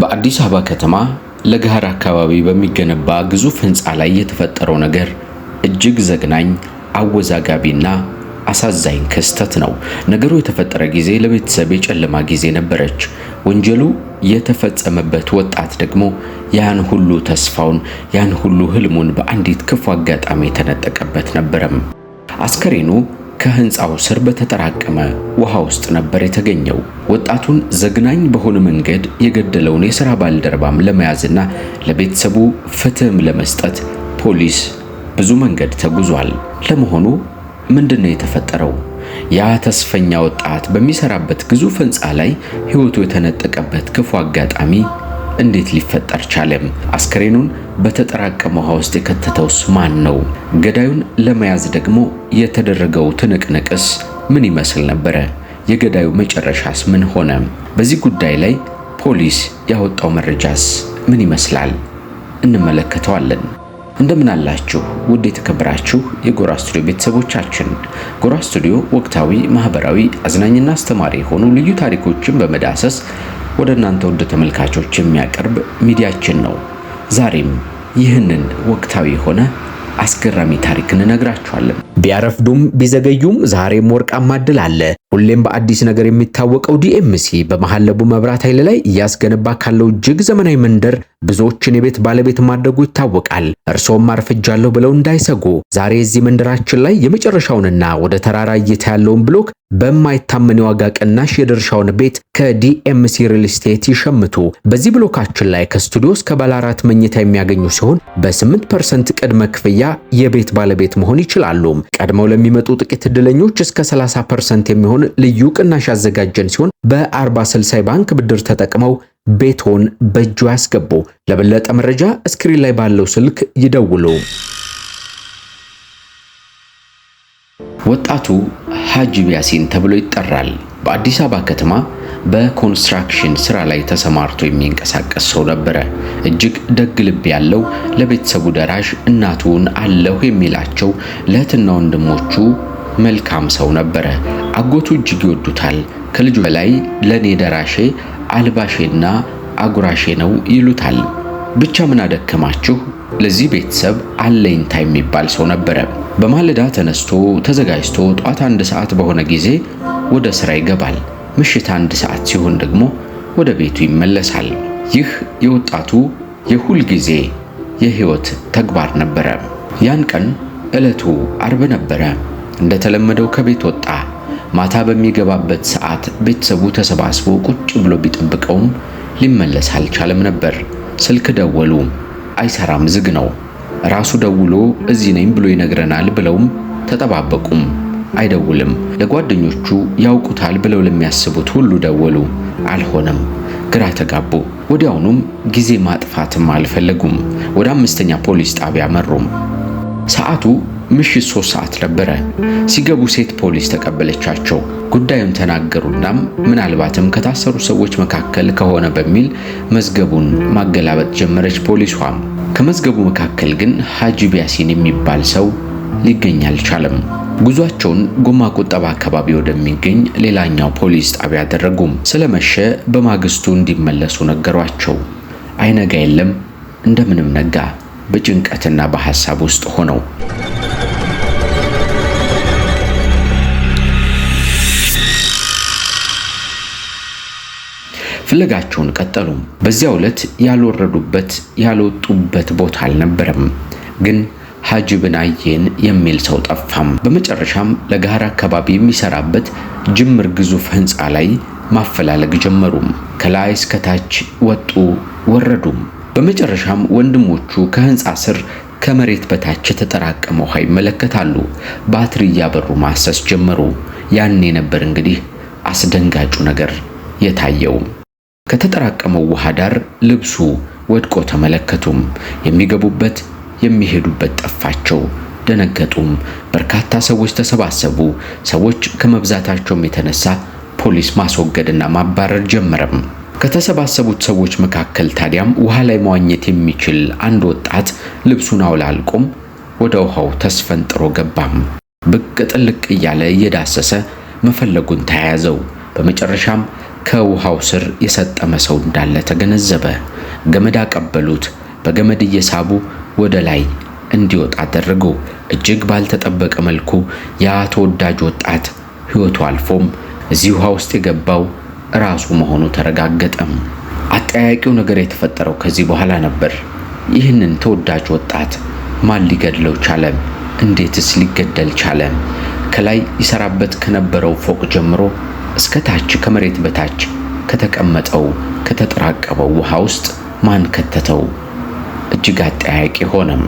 በአዲስ አበባ ከተማ ለገሃር አካባቢ በሚገነባ ግዙፍ ህንፃ ላይ የተፈጠረው ነገር እጅግ ዘግናኝ አወዛጋቢና አሳዛኝ ክስተት ነው። ነገሩ የተፈጠረ ጊዜ ለቤተሰብ የጨለማ ጊዜ ነበረች። ወንጀሉ የተፈጸመበት ወጣት ደግሞ ያን ሁሉ ተስፋውን ያን ሁሉ ህልሙን በአንዲት ክፉ አጋጣሚ የተነጠቀበት ነበረም። አስከሬኑ ከህንፃው ስር በተጠራቀመ ውሃ ውስጥ ነበር የተገኘው። ወጣቱን ዘግናኝ በሆነ መንገድ የገደለውን የሥራ ባልደረባም ለመያዝና ለቤተሰቡ ፍትህም ለመስጠት ፖሊስ ብዙ መንገድ ተጉዟል። ለመሆኑ ነው የተፈጠረው? ያ ተስፈኛ ወጣት በሚሰራበት ግዙፍ ህንፃ ላይ ህይወቱ የተነጠቀበት ክፉ አጋጣሚ እንዴት ሊፈጠር ቻለም? አስከሬኑን በተጠራቀመ ውሃ ውስጥ የከተተውስ ማን ነው? ገዳዩን ለመያዝ ደግሞ የተደረገው ትንቅንቅስ ምን ይመስል ነበረ? የገዳዩ መጨረሻስ ምን ሆነ? በዚህ ጉዳይ ላይ ፖሊስ ያወጣው መረጃስ ምን ይመስላል? እንመለከተዋለን። እንደምን አላችሁ ውድ የተከበራችሁ የጎራ ስቱዲዮ ቤተሰቦቻችን። ጎራ ስቱዲዮ ወቅታዊ፣ ማህበራዊ፣ አዝናኝና አስተማሪ የሆኑ ልዩ ታሪኮችን በመዳሰስ ወደ እናንተ ውድ ተመልካቾች የሚያቀርብ ሚዲያችን ነው። ዛሬም ይህንን ወቅታዊ የሆነ አስገራሚ ታሪክ እንነግራችኋለን። ቢያረፍዱም ቢዘገዩም ዛሬም ወርቃማ እድል አለ። ሁሌም በአዲስ ነገር የሚታወቀው ዲኤምሲ በመሐለቡ መብራት ኃይል ላይ እያስገነባ ካለው እጅግ ዘመናዊ መንደር ብዙዎችን የቤት ባለቤት ማድረጉ ይታወቃል። እርሶም አርፍጃለሁ ብለው እንዳይሰጉ። ዛሬ እዚህ መንደራችን ላይ የመጨረሻውንና ወደ ተራራ እይታ ያለውን ብሎክ በማይታመን የዋጋ ቅናሽ የድርሻውን ቤት ከዲኤምሲ ሪል ስቴት ይሸምቱ። በዚህ ብሎካችን ላይ ከስቱዲዮ እስከ ባለ አራት መኝታ የሚያገኙ ሲሆን በ8 ፐርሰንት ቅድመ ክፍያ የቤት ባለቤት መሆን ይችላሉ። ቀድመው ለሚመጡ ጥቂት እድለኞች እስከ 30 ፐርሰንት የሚሆን ልዩ ቅናሽ ያዘጋጀን ሲሆን በ 60 ባንክ ብድር ተጠቅመው ቤቶን በእጁ ያስገቡ። ለበለጠ መረጃ እስክሪን ላይ ባለው ስልክ ይደውሉ። ወጣቱ ሐጅብ ያሲን ተብሎ ይጠራል። በአዲስ አበባ ከተማ በኮንስትራክሽን ስራ ላይ ተሰማርቶ የሚንቀሳቀስ ሰው ነበረ። እጅግ ደግ ልብ ያለው፣ ለቤተሰቡ ደራሽ፣ እናቱን አለሁ የሚላቸው ለእህትና ወንድሞቹ መልካም ሰው ነበረ። አጎቱ እጅግ ይወዱታል። ከልጁ በላይ ለኔ ደራሼ አልባሼና አጉራሼ ነው ይሉታል። ብቻ ምን አደከማችሁ ለዚህ ቤተሰብ አለኝታ የሚባል ሰው ነበረ። በማለዳ ተነስቶ ተዘጋጅቶ ጧት አንድ ሰዓት በሆነ ጊዜ ወደ ስራ ይገባል። ምሽት አንድ ሰዓት ሲሆን ደግሞ ወደ ቤቱ ይመለሳል። ይህ የወጣቱ የሁል ጊዜ የህይወት ተግባር ነበረ። ያን ቀን ዕለቱ አርብ ነበረ። እንደተለመደው ከቤት ወጣ። ማታ በሚገባበት ሰዓት ቤተሰቡ ተሰባስቦ ቁጭ ብሎ ቢጠብቀውም ሊመለስ አልቻለም ነበር። ስልክ ደወሉ። አይሰራም፣ ዝግ ነው፣ ራሱ ደውሎ እዚህ ነኝ ብሎ ይነግረናል ብለውም ተጠባበቁም። አይደውልም። ለጓደኞቹ ያውቁታል ብለው ለሚያስቡት ሁሉ ደወሉ፣ አልሆነም። ግራ ተጋቡ። ወዲያውኑም ጊዜ ማጥፋትም አልፈለጉም። ወደ አምስተኛ ፖሊስ ጣቢያ መሩም። ሰዓቱ ምሽት ሶስት ሰዓት ነበረ። ሲገቡ ሴት ፖሊስ ተቀበለቻቸው። ጉዳዩን ተናገሩናም ምናልባትም ከታሰሩ ሰዎች መካከል ከሆነ በሚል መዝገቡን ማገላበጥ ጀመረች ፖሊሷም። ከመዝገቡ መካከል ግን ሀጂ ቢያሲን የሚባል ሰው ሊገኝ አልቻለም። ጉዟቸውን ጎማ ቁጠባ አካባቢ ወደሚገኝ ሌላኛው ፖሊስ ጣቢያ አደረጉም። ስለመሸ በማግስቱ እንዲመለሱ ነገሯቸው። አይነጋ የለም እንደምንም ነጋ። በጭንቀትና በሐሳብ ውስጥ ሆነው ፍለጋቸውን ቀጠሉ። በዚያው ዕለት ያልወረዱበት ያልወጡበት ቦታ አልነበረም። ግን ሐጂ ብን አየን የሚል ሰው ጠፋም። በመጨረሻም ለጋራ አካባቢ የሚሰራበት ጅምር ግዙፍ ህንፃ ላይ ማፈላለግ ጀመሩም። ከላይ እስከታች ወጡ ወረዱም። በመጨረሻም ወንድሞቹ ከህንፃ ስር ከመሬት በታች የተጠራቀመ ውሃ ይመለከታሉ። ባትሪ እያበሩ ማሰስ ጀመሩ። ያኔ ነበር እንግዲህ አስደንጋጩ ነገር የታየው። ከተጠራቀመው ውሃ ዳር ልብሱ ወድቆ ተመለከቱም። የሚገቡበት የሚሄዱበት ጠፋቸው፣ ደነገጡም። በርካታ ሰዎች ተሰባሰቡ። ሰዎች ከመብዛታቸውም የተነሳ ፖሊስ ማስወገድና ማባረር ጀመረም። ከተሰባሰቡት ሰዎች መካከል ታዲያም ውሃ ላይ መዋኘት የሚችል አንድ ወጣት ልብሱን አውላልቆም ወደ ውሃው ተስፈንጥሮ ገባም። ብቅ ጥልቅ እያለ እየዳሰሰ መፈለጉን ተያያዘው። በመጨረሻም ከውሃው ስር የሰጠመ ሰው እንዳለ ተገነዘበ። ገመድ አቀበሉት። በገመድ እየሳቡ ወደ ላይ እንዲወጣ አደረጉ። እጅግ ባልተጠበቀ መልኩ ያ ተወዳጅ ወጣት ሕይወቱ አልፎም እዚህ ውሃ ውስጥ የገባው ራሱ መሆኑ ተረጋገጠም። አጠያያቂው ነገር የተፈጠረው ከዚህ በኋላ ነበር። ይህንን ተወዳጅ ወጣት ማን ሊገድለው ቻለ? እንዴትስ ሊገደል ቻለ? ከላይ ይሰራበት ከነበረው ፎቅ ጀምሮ እስከ ታች ከመሬት በታች ከተቀመጠው ከተጠራቀበው ውሃ ውስጥ ማን ከተተው? እጅግ አጠያያቂ ሆነም።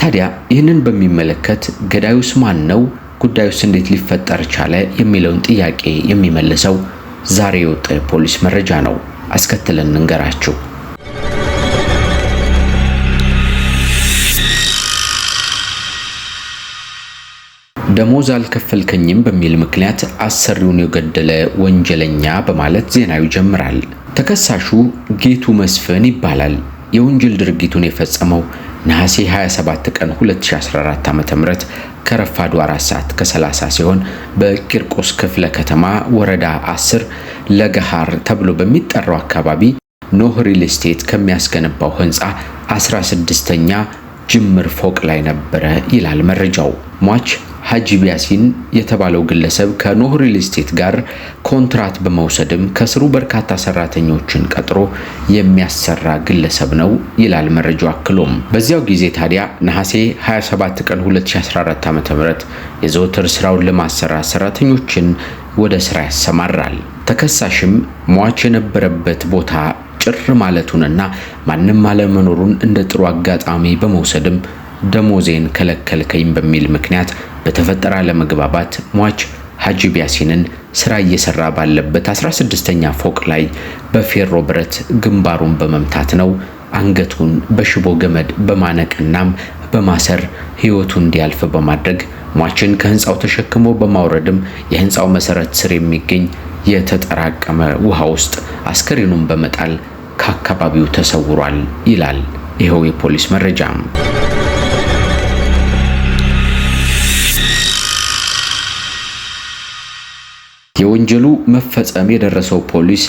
ታዲያ ይህንን በሚመለከት ገዳዩስ ማን ነው? ጉዳዩስ እንዴት ሊፈጠር ቻለ? የሚለውን ጥያቄ የሚመልሰው ዛሬ የወጣ የፖሊስ መረጃ ነው። አስከትለን እንገራችሁ። ደሞዝ አልከፈልከኝም በሚል ምክንያት አሰሪውን የገደለ ወንጀለኛ በማለት ዜናው ይጀምራል። ተከሳሹ ጌቱ መስፍን ይባላል። የወንጀል ድርጊቱን የፈጸመው ነሐሴ 27 ቀን 2014 ዓ.ም ከረፋዱ 4 ሰዓት ከ30 ሲሆን በቂርቆስ ክፍለ ከተማ ወረዳ 10 ለገሃር ተብሎ በሚጠራው አካባቢ ኖህ ሪል ስቴት ከሚያስገነባው ህንፃ 16ኛ ጅምር ፎቅ ላይ ነበረ ይላል መረጃው። ሟች ሀጂ ቢያሲን የተባለው ግለሰብ ከኖህ ሪል ስቴት ጋር ኮንትራት በመውሰድም ከስሩ በርካታ ሰራተኞችን ቀጥሮ የሚያሰራ ግለሰብ ነው ይላል መረጃው አክሎም። በዚያው ጊዜ ታዲያ ነሐሴ 27 ቀን 2014 ዓ ም የዘወትር ስራውን ለማሰራት ሰራተኞችን ወደ ስራ ያሰማራል። ተከሳሽም ሟች የነበረበት ቦታ ጭር ማለቱንና ማንም አለመኖሩን እንደ ጥሩ አጋጣሚ በመውሰድም ደሞዜን ከለከልከኝ በሚል ምክንያት በተፈጠረ አለመግባባት ሟች ሀጂብ ቢያሲንን ስራ እየሰራ ባለበት 16ኛ ፎቅ ላይ በፌሮ ብረት ግንባሩን በመምታት ነው አንገቱን በሽቦ ገመድ በማነቅናም በማሰር ህይወቱ እንዲያልፍ በማድረግ ሟችን ከህንፃው ተሸክሞ በማውረድም የህንፃው መሰረት ስር የሚገኝ የተጠራቀመ ውሃ ውስጥ አስከሬኑን በመጣል ከአካባቢው ተሰውሯል ይላል ይኸው የፖሊስ መረጃ። የወንጀሉ መፈጸም የደረሰው ፖሊስ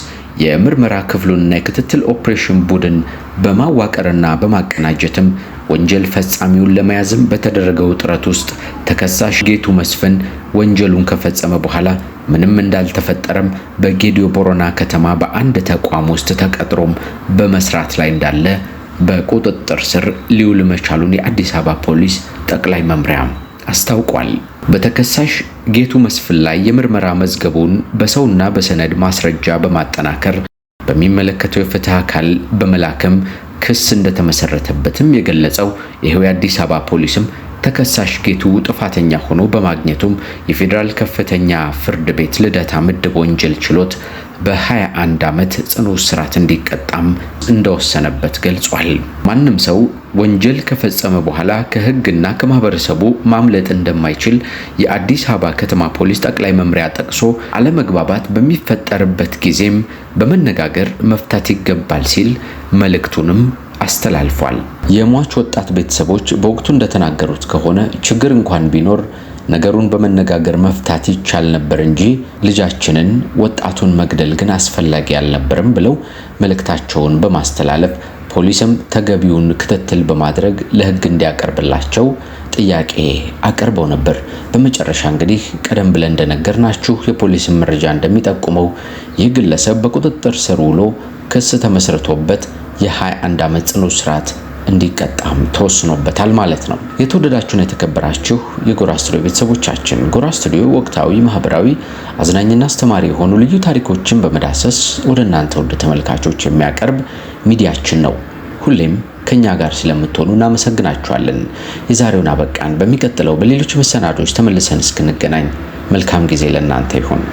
የምርመራ ክፍሉንና የክትትል ኦፕሬሽን ቡድን በማዋቀርና በማቀናጀትም ወንጀል ፈጻሚውን ለመያዝም በተደረገው ጥረት ውስጥ ተከሳሽ ጌቱ መስፍን ወንጀሉን ከፈጸመ በኋላ ምንም እንዳልተፈጠረም በጌዲዮ ቦሮና ከተማ በአንድ ተቋም ውስጥ ተቀጥሮም በመስራት ላይ እንዳለ በቁጥጥር ስር ሊውል መቻሉን የአዲስ አበባ ፖሊስ ጠቅላይ መምሪያም አስታውቋል። በተከሳሽ ጌቱ መስፍን ላይ የምርመራ መዝገቡን በሰውና በሰነድ ማስረጃ በማጠናከር በሚመለከተው የፍትህ አካል በመላክም ክስ እንደተመሰረተበትም የገለጸው ይህው የአዲስ አበባ ፖሊስም ተከሳሽ ጌቱ ጥፋተኛ ሆኖ በማግኘቱም የፌዴራል ከፍተኛ ፍርድ ቤት ልደታ ምድብ ወንጀል ችሎት በ21 ዓመት ጽኑ እስራት እንዲቀጣም እንደወሰነበት ገልጿል። ማንም ሰው ወንጀል ከፈጸመ በኋላ ከሕግና ከማህበረሰቡ ማምለጥ እንደማይችል የአዲስ አበባ ከተማ ፖሊስ ጠቅላይ መምሪያ ጠቅሶ አለመግባባት በሚፈጠርበት ጊዜም በመነጋገር መፍታት ይገባል ሲል መልእክቱንም አስተላልፏል። የሟች ወጣት ቤተሰቦች በወቅቱ እንደተናገሩት ከሆነ ችግር እንኳን ቢኖር ነገሩን በመነጋገር መፍታት ይቻል ነበር እንጂ ልጃችንን ወጣቱን መግደል ግን አስፈላጊ አልነበርም ብለው መልእክታቸውን በማስተላለፍ ፖሊስም ተገቢውን ክትትል በማድረግ ለሕግ እንዲያቀርብላቸው ጥያቄ አቅርበው ነበር። በመጨረሻ እንግዲህ ቀደም ብለን እንደነገርናችሁ የፖሊስን መረጃ እንደሚጠቁመው ይህ ግለሰብ በቁጥጥር ስር ውሎ ክስ ተመስርቶበት የ21 ዓመት ጽኑ እስራት እንዲቀጣም ተወስኖበታል ማለት ነው። የተወደዳችሁን የተከበራችሁ የጎራ ስቱዲዮ ቤተሰቦቻችን ጎራ ስቱዲዮ ወቅታዊ፣ ማህበራዊ፣ አዝናኝና አስተማሪ የሆኑ ልዩ ታሪኮችን በመዳሰስ ወደ እናንተ ወደ ተመልካቾች የሚያቀርብ ሚዲያችን ነው። ሁሌም ከኛ ጋር ስለምትሆኑ እናመሰግናችኋለን። የዛሬውን አበቃን። በሚቀጥለው በሌሎች መሰናዶች ተመልሰን እስክንገናኝ መልካም ጊዜ ለእናንተ ይሁን።